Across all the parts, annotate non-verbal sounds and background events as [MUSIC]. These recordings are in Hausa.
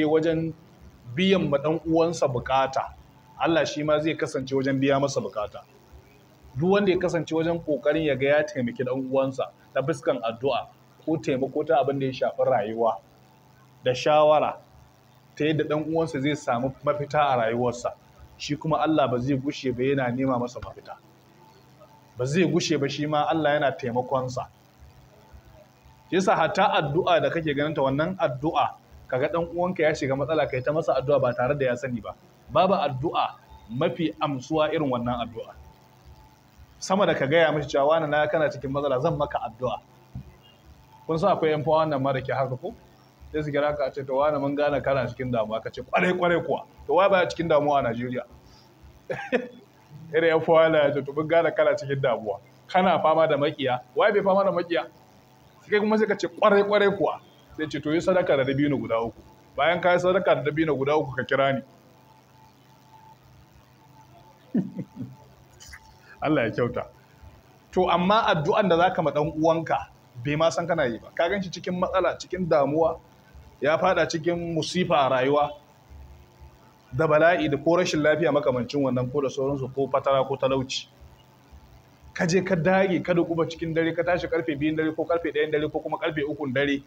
wajen biyan ma ɗan uwansa bukata Allah shi ma zai kasance wajen biya masa bukata duk wanda ya kasance wajen kokarin ya ga ya taimaki ɗan uwansa ta fuskan addu'a ko taimako ta abin da ya shafi rayuwa da shawara ta yadda dan uwansa zai samu mafita a rayuwarsa shi kuma Allah ba zai gushe ba yana nema masa mafita ba zai gushe ba shi ma Allah yana taimakonsa yasa hatta addu'a da kake ganin ta wannan addu'a kaga dan uwanka ya shiga matsala kai ta masa addu'a ba tare da ya sani ba babu addu'a mafi amsuwa irin wannan addu'a sama da ka gaya mishi cewa wani na kana cikin matsala zan maka addu'a kun san akwai yan fawa nan ma da ke haka ko sai su kira ka ce to wani mun gane kana cikin damuwa ka ce kwarai kwarai kuwa to wa baya cikin damuwa a Najeriya [LAUGHS] irin yan fawa ya ce to mun gane kana cikin damuwa kana fama da makiya wa bai fama da makiya sai kuma sai ka ce kwarai kwarai kuwa sai ce to yi sadaka da dabino guda uku bayan ka yi sadaka da dabino guda uku ka kira ni [LAUGHS] Allah ya kyauta to amma addu'an da zaka ma dan uwanka bai ma san kana yi ba ka shi cikin matsala cikin damuwa ya fada cikin musifa a rayuwa da bala'i da ko rashin lafiya makamancin wannan ko da sauransu ko fatara ko talauci ka je ka dage ka dukuba cikin dare ka tashi karfe biyun dare ko karfe ɗayan dare ko kuma karfe ukun dare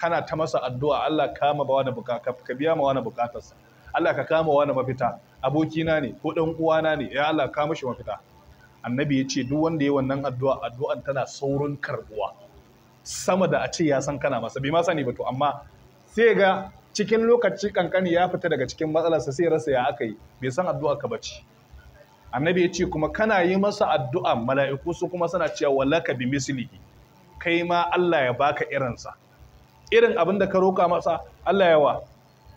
kana ta masa addu'a Allah kama ba wani bukata ka biya ma wani bukatarsa Allah ka kama wani mafita abokina ne ko ɗan uwana ne ya Allah kama shi mafita annabi ya ce duk wanda ya wannan addu'a addu'an tana saurin karbuwa sama da a ce ya san kana masa bai ma sani ba to amma sai ga cikin lokaci kankani ya fita daga cikin matsalarsa sai rasa ya aka yi bai san addu'a ka bace annabi ya ce kuma kana yi masa addu'a mala'iku su kuma suna cewa walaka bi mislihi kai ma Allah ya baka irinsa irin abin da ka roƙa masa Allah yawa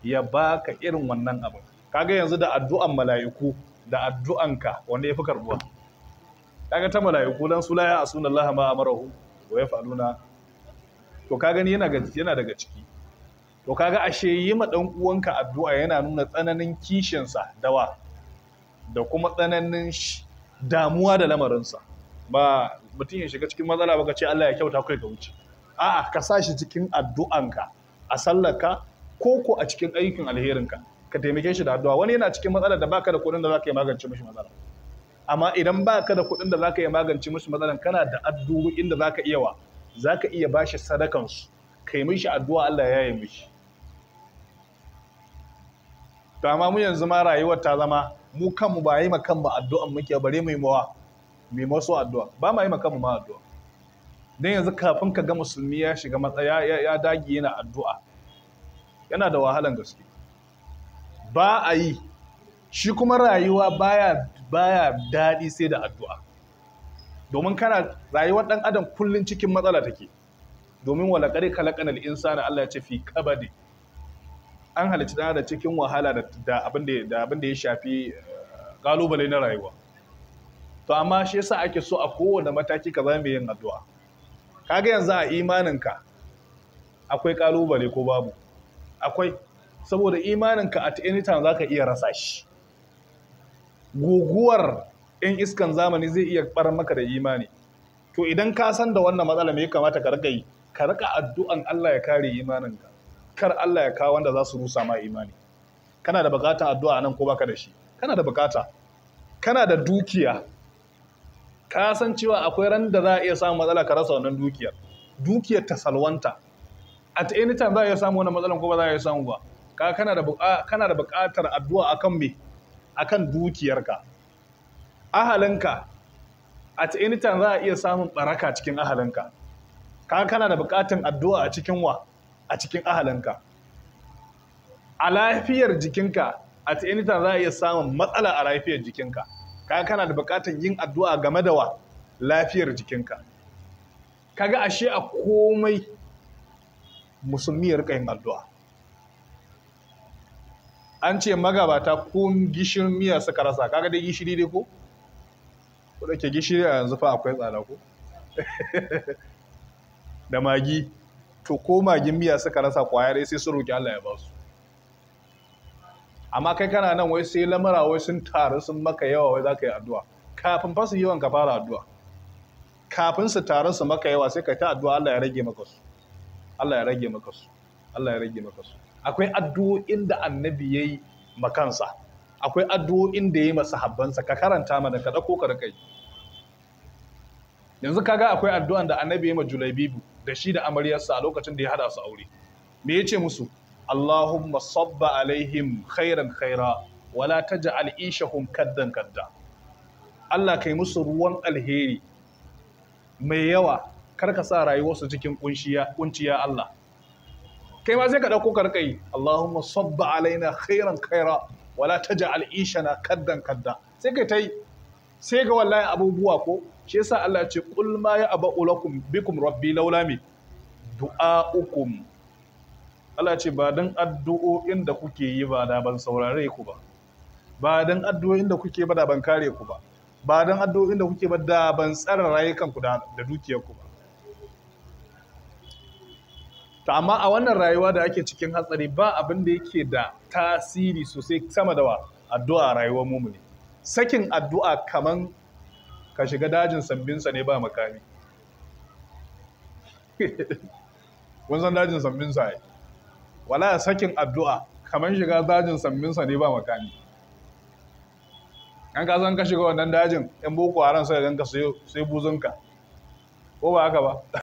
ya baka irin wannan abin kaga yanzu da addu'an mala'iku da addu'anka wanda ya fi karbuwa kaga ta mala'iku lan su la ya asuna Allah ma amarahu wa yaf'aluna to ka ni yana yana daga ciki to kaga ashe yi ma dan uwanka addu'a yana nuna tsananin kishin sa dawa da kuma tsananin damuwa da lamarinsa ba mutum ya shiga cikin matsala ba ka ce Allah ya kyauta kai ga wuce a'a ka sa shi cikin addu'anka a sallarka ko ko a cikin aikin alherinka ka taimake shi da addu'a wani yana cikin matsalar da baka da kuɗin da zaka yi magance mishi matsalar amma idan baka da kuɗin da zaka yi magance mishi matsalar kana da addu'o'in da zaka iya wa zaka iya bashi sadakan su kai mishi addu'a Allah ya yi mishi to amma mu yanzu ma rayuwar ta zama mu kanmu ba yi ma kanmu addu'an muke bare mu yi mawa mai maso addu'a ba ma yi ma kanmu ma addu'a don yanzu kafin ka ga musulmi ya shiga matsaya ya dage yana addu'a yana da wahalan gaske ba a yi shi kuma rayuwa baya baya daɗi sai da addu'a domin kana rayuwar ɗan adam kullum cikin matsala take domin wala kare kalakanal insana Allah ya ce fi kabadi an halicci ɗan da cikin wahala da abin da ya shafi kalubale eh, na rayuwa to amma shi yasa ake so a kowane mataki ka zama yin addu'a kaga yanzu a imaninka akwai kalubale ko babu akwai saboda imaninka at any time zaka iya rasa shi guguwar in iskan zamani zai iya bar maka da imani to idan ka san da wannan matsala mai kamata ka rika yi ka rika addu'an Allah ya kare imaninka kar Allah ya kawo wanda za su rusa ma imani kana da bukata addu'a nan ko baka da shi kana da bukata kana da dukiya ka san cewa akwai ran da za a iya samun matsala ka rasa wannan dukiyar dukiyar ta salwanta at any time za a iya samu wannan matsalan ko ba za a iya samu ba ka kana da kana da buƙatar addu'a akan me akan dukiyarka ahalinka at any time za a iya samun baraka cikin ahalinka ka kana da buƙatar addu'a a cikin wa a cikin ahalinka a lafiyar jikinka at any time za a iya samun matsala a lafiyar jikinka ka kana da buƙatar yin addu'a game da wa lafiyar jikinka kaga ashe a komai musulmi ya rika yin addu'a an ce magabata ko gishin miya suka rasa kaga dai gishiri dai ko ko ke gishiri a yanzu fa akwai tsada ko [LAUGHS] da magi to ko magin miya suka rasa kwaya dai sai su roki Allah ya ba su amma kai kana nan wai sai lamura wai sun taru sun maka yawa wai za ka yi addu'a kafin fa su yi wanka fara addu'a kafin su taru su maka yawa sai ka ta addu'a Allah ya rage maka su Allah ya rage maka su Allah ya rage maka su akwai addu'o'in da annabi yayi kansa akwai addu'o'in da yayi sahabbansa ka karanta mana ka dauko ka kai yanzu kaga akwai addu'an da annabi ya ma Julaibibu da shi da amaryarsa a lokacin da ya hada su aure me yace musu Allahumma sabba alaihim khairan khaira wala taj'al ishahum kaddan kadda Allah kai musu ruwan alheri mai yawa kar ka sa rayuwarsu cikin kunciya Allah kai ma sai ka dauko karkai Allahumma sabba alaina khairan khaira wala taj'al ishana kaddan kadda sai kai tai sai ga wallahi abubuwa ko shi yasa Allah ce qul ma ya abu lakum bikum rabbi laula mi Allah ce ba don addu'o'in da kuke yi ba da ban saurare ku ba ba don addu'o'in da kuke ba da ban kare ku ba ba don addu'o'in da kuke ba da ban tsara rayukanku da dukiyar ku ba ta amma a wannan rayuwa da ake cikin hatsari ba abin da yake da tasiri sosai sama da wa addu'a a rayuwar ne. sakin addu'a kaman ka shiga dajin sambinsa ne ba makami Wanzan [LAUGHS] dajin sambinsa ne wala sakin addu'a kamar shiga dajin sa ne ba makami an ka san ka shiga wannan dajin yan boko haram sai ka sai buzunka ko ba haka ba